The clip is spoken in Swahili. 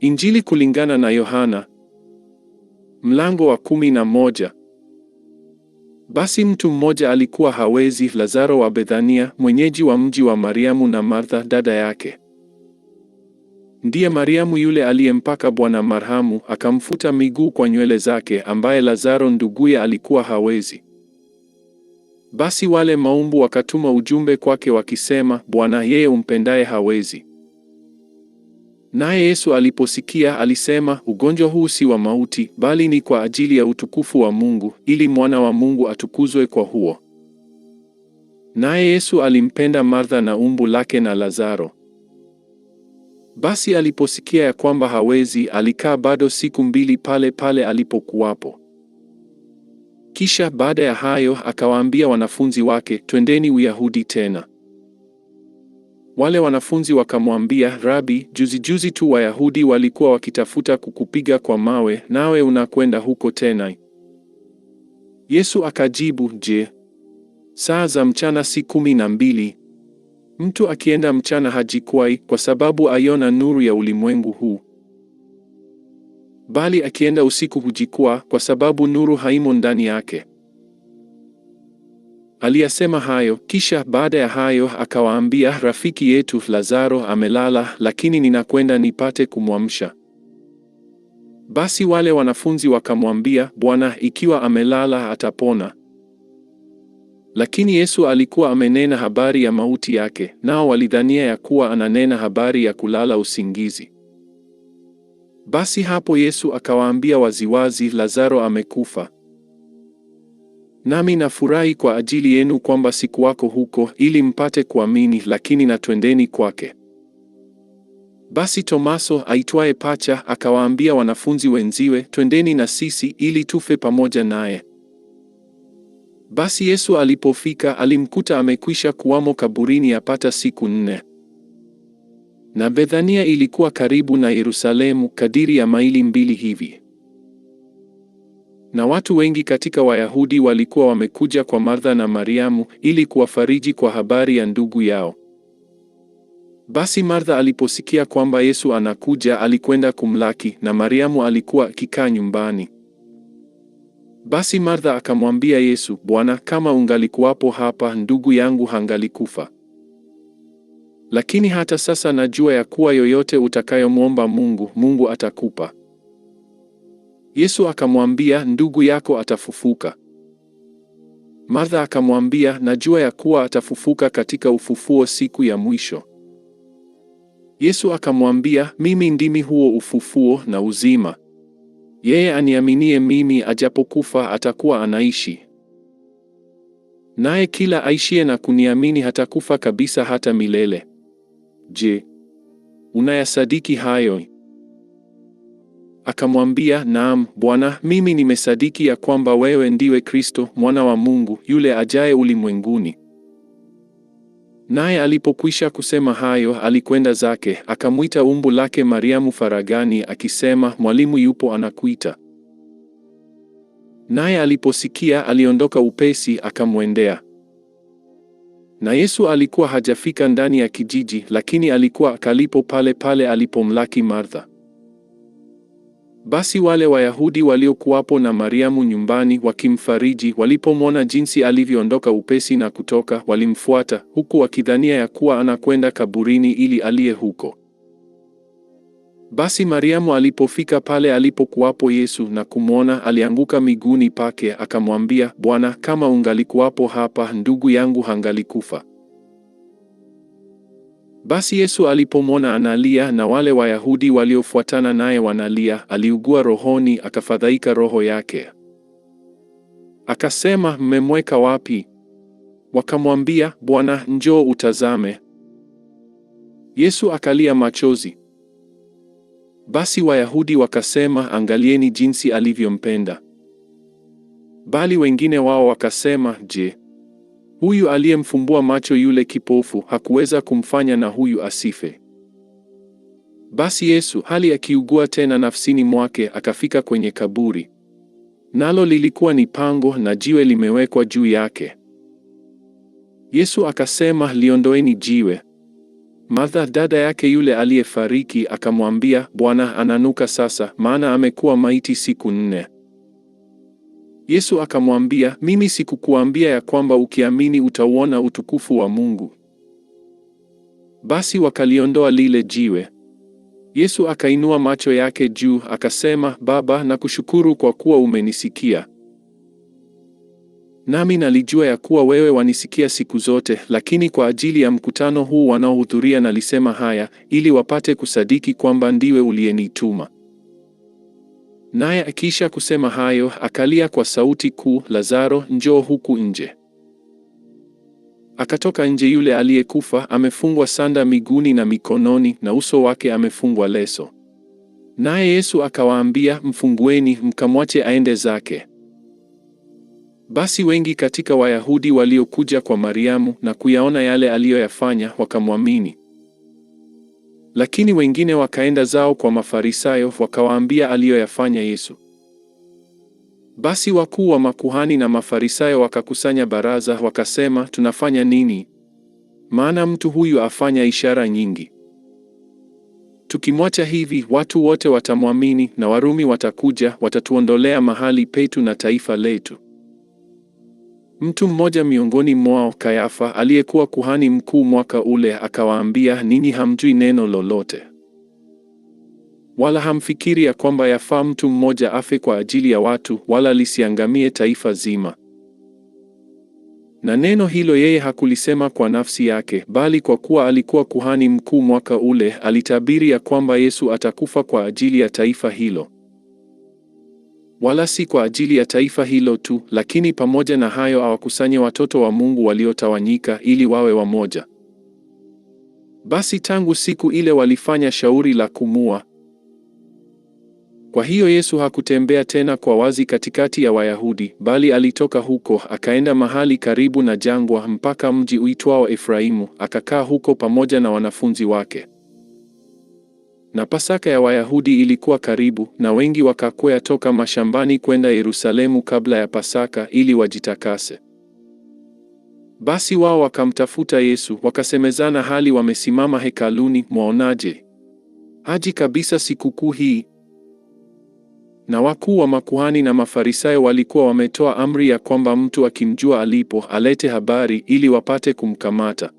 Injili kulingana na Yohana mlango wa kumi na moja. Basi mtu mmoja alikuwa hawezi, Lazaro wa Bethania, mwenyeji wa mji wa Mariamu na Martha dada yake. Ndiye Mariamu yule aliyempaka Bwana marhamu, akamfuta miguu kwa nywele zake, ambaye Lazaro nduguye alikuwa hawezi. Basi wale maumbu wakatuma ujumbe kwake wakisema, Bwana, yeye umpendaye hawezi. Naye Yesu aliposikia alisema, ugonjwa huu si wa mauti, bali ni kwa ajili ya utukufu wa Mungu, ili mwana wa Mungu atukuzwe kwa huo. Naye Yesu alimpenda Martha na umbu lake na Lazaro. Basi aliposikia ya kwamba hawezi, alikaa bado siku mbili pale pale alipokuwapo. Kisha baada ya hayo akawaambia wanafunzi wake, twendeni Uyahudi tena. Wale wanafunzi wakamwambia, Rabi, juzi juzi tu Wayahudi walikuwa wakitafuta kukupiga kwa mawe, nawe unakwenda huko tena? Yesu akajibu, Je, saa za mchana si kumi na mbili? Mtu akienda mchana hajikwai, kwa sababu aiona nuru ya ulimwengu huu. Bali akienda usiku hujikwaa, kwa sababu nuru haimo ndani yake. Aliyasema hayo, kisha baada ya hayo akawaambia, rafiki yetu Lazaro amelala, lakini ninakwenda nipate kumwamsha. Basi wale wanafunzi wakamwambia, Bwana, ikiwa amelala atapona. Lakini Yesu alikuwa amenena habari ya mauti yake, nao walidhania ya kuwa ananena habari ya kulala usingizi. Basi hapo Yesu akawaambia waziwazi, Lazaro amekufa. Nami nafurahi kwa ajili yenu kwamba sikuwako huko, ili mpate kuamini, lakini na twendeni kwake. Basi Tomaso aitwaye Pacha akawaambia wanafunzi wenziwe, twendeni na sisi ili tufe pamoja naye. Basi Yesu alipofika alimkuta amekwisha kuwamo kaburini yapata siku nne. Na Bethania ilikuwa karibu na Yerusalemu kadiri ya maili mbili hivi. Na watu wengi katika Wayahudi walikuwa wamekuja kwa Martha na Mariamu ili kuwafariji kwa habari ya ndugu yao. Basi Martha aliposikia kwamba Yesu anakuja, alikwenda kumlaki na Mariamu alikuwa akikaa nyumbani. Basi Martha akamwambia Yesu, Bwana, kama ungalikuwapo hapa, ndugu yangu hangalikufa. Lakini hata sasa najua ya kuwa yoyote utakayomwomba Mungu, Mungu atakupa. Yesu akamwambia, ndugu yako atafufuka. Martha akamwambia, najua ya kuwa atafufuka katika ufufuo siku ya mwisho. Yesu akamwambia, mimi ndimi huo ufufuo na uzima. Yeye aniaminie mimi, ajapokufa atakuwa anaishi. Naye kila aishie na kuniamini hatakufa kabisa hata milele. Je, unayasadiki hayo? akamwambia, naam Bwana, mimi nimesadiki ya kwamba wewe ndiwe Kristo mwana wa Mungu yule ajaye ulimwenguni. Naye alipokwisha kusema hayo, alikwenda zake, akamwita umbu lake Mariamu faragani, akisema, Mwalimu yupo anakuita. Naye aliposikia, aliondoka upesi akamwendea. Na Yesu alikuwa hajafika ndani ya kijiji, lakini alikuwa akalipo pale pale alipomlaki Martha. Basi wale Wayahudi waliokuwapo na Mariamu nyumbani wakimfariji, walipomwona jinsi alivyoondoka upesi na kutoka, walimfuata huku wakidhania ya kuwa anakwenda kaburini ili aliye huko. Basi Mariamu alipofika pale alipokuwapo Yesu na kumwona, alianguka miguuni pake, akamwambia, Bwana, kama ungalikuwapo hapa, ndugu yangu hangalikufa. Basi Yesu alipomwona analia na wale Wayahudi waliofuatana naye wanalia, aliugua rohoni, akafadhaika roho yake. Akasema, mmemweka wapi? Wakamwambia, Bwana, njoo utazame. Yesu akalia machozi. Basi Wayahudi wakasema, angalieni jinsi alivyompenda. Bali wengine wao wakasema, je, Huyu aliyemfumbua macho yule kipofu hakuweza kumfanya na huyu asife. Basi Yesu, hali akiugua tena nafsini mwake, akafika kwenye kaburi. Nalo lilikuwa ni pango na jiwe limewekwa juu yake. Yesu akasema, liondoeni jiwe. Martha, dada yake yule aliyefariki, akamwambia, Bwana, ananuka sasa, maana amekuwa maiti siku nne. Yesu akamwambia, mimi sikukuambia ya kwamba ukiamini utauona utukufu wa Mungu? Basi wakaliondoa lile jiwe. Yesu akainua macho yake juu akasema, Baba, nakushukuru kwa kuwa umenisikia. Nami nalijua ya kuwa wewe wanisikia siku zote, lakini kwa ajili ya mkutano huu wanaohudhuria nalisema haya, ili wapate kusadiki kwamba ndiwe uliyenituma. Naye akiisha kusema hayo, akalia kwa sauti kuu, Lazaro, njoo huku nje. Akatoka nje yule aliyekufa, amefungwa sanda miguuni na mikononi, na uso wake amefungwa leso. Naye Yesu akawaambia, mfungueni mkamwache aende zake. Basi wengi katika Wayahudi waliokuja kwa Mariamu na kuyaona yale aliyoyafanya wakamwamini. Lakini wengine wakaenda zao kwa Mafarisayo wakawaambia aliyoyafanya Yesu. Basi wakuu wa makuhani na Mafarisayo wakakusanya baraza, wakasema, tunafanya nini? Maana mtu huyu afanya ishara nyingi. Tukimwacha hivi, watu wote watamwamini, na Warumi watakuja, watatuondolea mahali petu na taifa letu. Mtu mmoja miongoni mwao Kayafa, aliyekuwa kuhani mkuu mwaka ule, akawaambia, ninyi hamjui neno lolote, wala hamfikiri ya kwamba yafaa mtu mmoja afe kwa ajili ya watu, wala lisiangamie taifa zima. Na neno hilo yeye hakulisema kwa nafsi yake, bali kwa kuwa alikuwa kuhani mkuu mwaka ule, alitabiri ya kwamba Yesu atakufa kwa ajili ya taifa hilo wala si kwa ajili ya taifa hilo tu, lakini pamoja na hayo awakusanye watoto wa Mungu waliotawanyika ili wawe wamoja. Basi tangu siku ile walifanya shauri la kumua. Kwa hiyo Yesu hakutembea tena kwa wazi katikati ya Wayahudi, bali alitoka huko akaenda mahali karibu na jangwa mpaka mji uitwao Efraimu, akakaa huko pamoja na wanafunzi wake. Na Pasaka ya Wayahudi ilikuwa karibu, na wengi wakakwea toka mashambani kwenda Yerusalemu kabla ya Pasaka ili wajitakase. Basi wao wakamtafuta Yesu, wakasemezana hali wamesimama hekaluni, mwaonaje? Haji kabisa sikukuu hii? Na wakuu wa makuhani na Mafarisayo walikuwa wametoa amri ya kwamba mtu akimjua alipo, alete habari ili wapate kumkamata.